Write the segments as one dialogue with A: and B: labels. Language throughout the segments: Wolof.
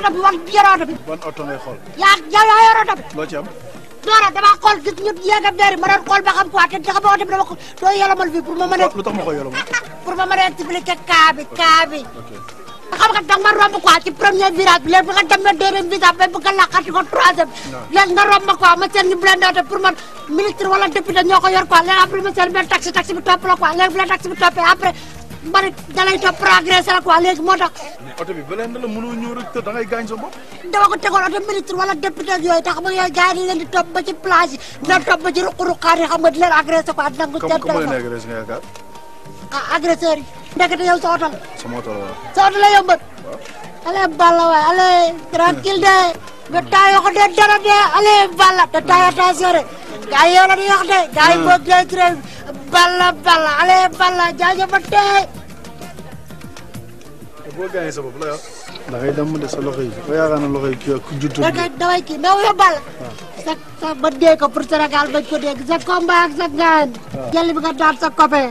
A: yor oto bi wala yor oto bi. ban oto ngay xool. yaa yaa yor oto bi. loo ci am. doora damaa xool gis ñëpp yéeg ak deer ma doon xool ba xam quoi te xam oto bi dama ko doo yolomal fii pour ma mën a. lu tax ma koy yolomal. pour ma mën a expliquer kaa bi kaa bi. xam nga danga ma romb quoi ci premier virage bi léegi nga demee deuxième virage ba bëgg a laqati ko troisième. léegi nga romb quoi ma seen ñu blindé pour man ministre wala député ko yor quoi léegi après ma seen benn taxi taxi bi topp la quoi léegi bu la taxi bi toppee après mbari dalay topp progressé la quoi léegi moo tax. mais oto bi beneen la mënoo ñëw rek te da ngay gaañ sa bopp. dama ko tegoon oto ministre wala député ak yooyu tax ba yooyu gars yi dañ leen di topp ba ci plage yi. dina topp ba ci ruq-ruqaat yi xam nga di leen agressé quoi. dina ko jël la. sama oto Balla waay allez. tranquille de. nga taayoo de dara de allez Balla. te taayoo taay séeréer. gars yi yow la ñuy wax de. gars Balla Balla allez Balla jaajëfatee. boo gaañee sa bopp la yor. de sa loxo yi ba yaakaar na loxo yi kii ak juttu. da ngay da sa ba dee ko pour Sénégal bañ ko dégg sa combat sa gaañ. waaw jël bi sa copain.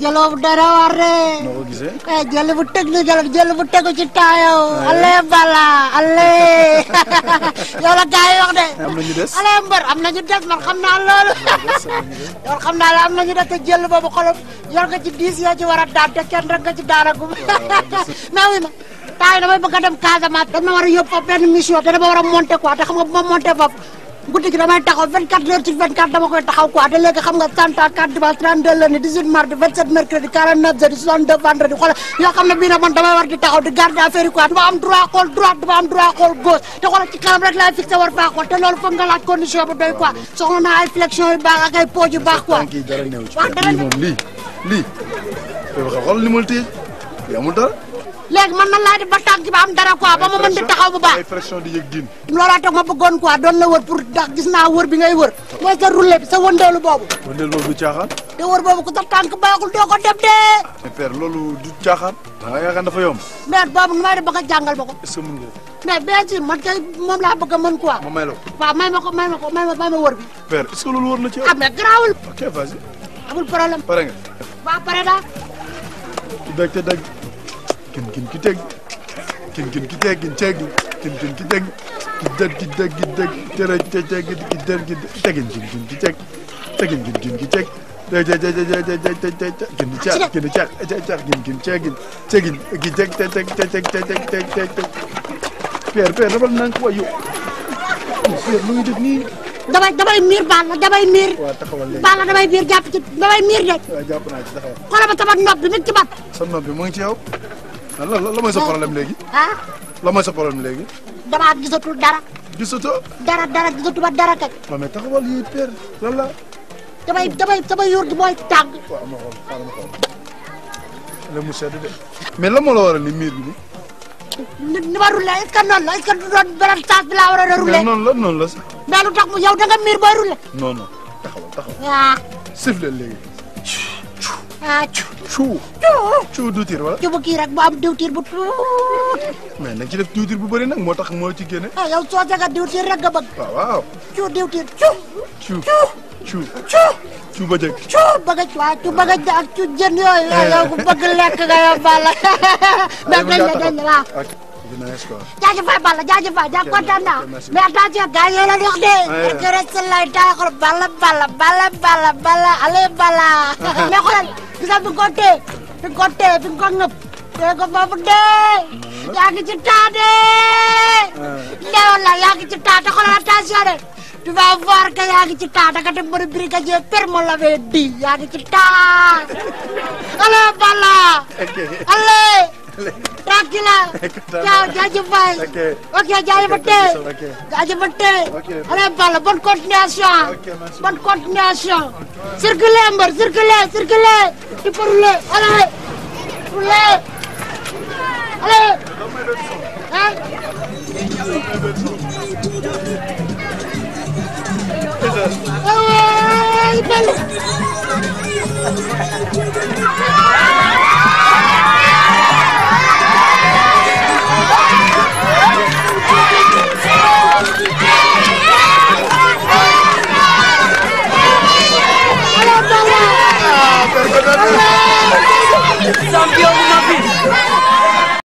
A: jëloo bu dara war de. noo ko gisee. jël bu technique la jël bu tegu ci taayoo. ale bala ale yow la gars yi wax de. am na ñu des ale mbër am na ñu des man xam naa loolu. yow xam naa la am na ñu des te jël boobu xolam yor nga ci diis yoo ci war a daan te kenn rek nga ci daanagum. mais oui ma taay damay bëgg a dem Casamance. dañ ma war a yóbbu fa benn mission te dama war a monter quoi te xam nga bu ma monter foofu. guddi gi damay taxaw 24 heures sur 24 dama koy taxaw quoi te léegi xam nga 34 dimanche 32 lundi 18 mardi 27 mercredi 49 jeudi 62 vendredi xoolal yoo xam ne bii nag man damay war di taxaw di garder affaire yi quoi dama am droit xool droite dama am droit xool war faa xool te loolu foog nga laaj condition bu doy quoi soxla naa ay flexion yu baax ak ay pause yu baax quoi. waaw la téye amul leg man man di def ba tànk ba am dara quoi ba mo mën di taxaw bu ba pression di yëg gin tax ma bëggoon quoi don la wër pour dag gis na wër bi ngay wër mooy sa roulé bi sa wëndeelu bobu wëndeelu bobu du de wër bobu ko sa tànk baaxul doo ko def de ah, père lolu du caaxaan da nga yaaka dafa yom mais bobu nu may def baka jangal bako est-ce que mën nga mais bien sûr man kay mom la bëgg man quoi ma may la may mako may mako may ma may ma wër bi père est-ce lolu wër na ci ah mais grawul ok vas-y amul problème paré nga wa paré da dagg te dagg gin gin ki deg gin gin ki deg gin deg gin gin ki deg gin deg tere te te gin gin deg gin deg gin gin gin ki de de de de de de de de de gin cha gin cha cha cha gin gin cha gin cha gin te te te te te te te te per per rabal nan ko yo per lu ngi ni damay damay miir baal la damay miir. waaw la damay miir jàpp ci damay miir de. jàpp naa ci taxawal. xoolal ma nopp mi ci bat. sa nopp bi ngi ci yow. Ah, lan lan mooy sa problème léegi. ah lan mooy sa problème léegi. damaa gisatul dara. gisatoo. dara dara gisatu ba dara kay. non mais taxawal yi père lan la. damay damay damay yor gi mooy tàng. waaw ma xool xaaral ma xool. le monsieur de. mais lan moo la waral ni miir bi ni. ni ma roulé est-ce que noonu la est-ce que du doon beneen sens bi laa waroon a roulé. mais noonu la noonu la sax. mais lu tax mu yow da nga miir booy roulé. non non taxawal taxawal. waaw. Ah. sifflé léegi. ah cu cu diwtiir wala. cu bu kii bu am diwtiir bu tuut. mais nañ ci def diwtiir bu bëri nag moo tax moo ci génne. ah yow soo saga rek nga bëgg. cu diwtiir cu. cu cu cu. cu ba jëg. cu ba cu ba gëj ak cu bëgg lekk nga yow Balla. aywa dañ la dañ la waaw. jaajëf waay Balla jaajëf waay jaa kontaan naa mais attention gars yi la wax de rek rek sax du ko tee du ko tee du ko ŋëpp tee ko foofu dee yaa ngi ci taa dee leewoon la yaa ngi ci taa te xoolal attention de tu vas voir yaa ngi ci taa da nga dem mën a brigadier permo la bee di yaa ngi ci taa allez voilà allez Jajibhai. Okay. Okay, Jajibatte. Okay. Jajibatte. Okay. Are bala, bon kot ne asya. Okay, Mansur. Bon kot ne asya. Circle amber, circle, circle. Tipurule, are. Purule. Are. Huh? Oh,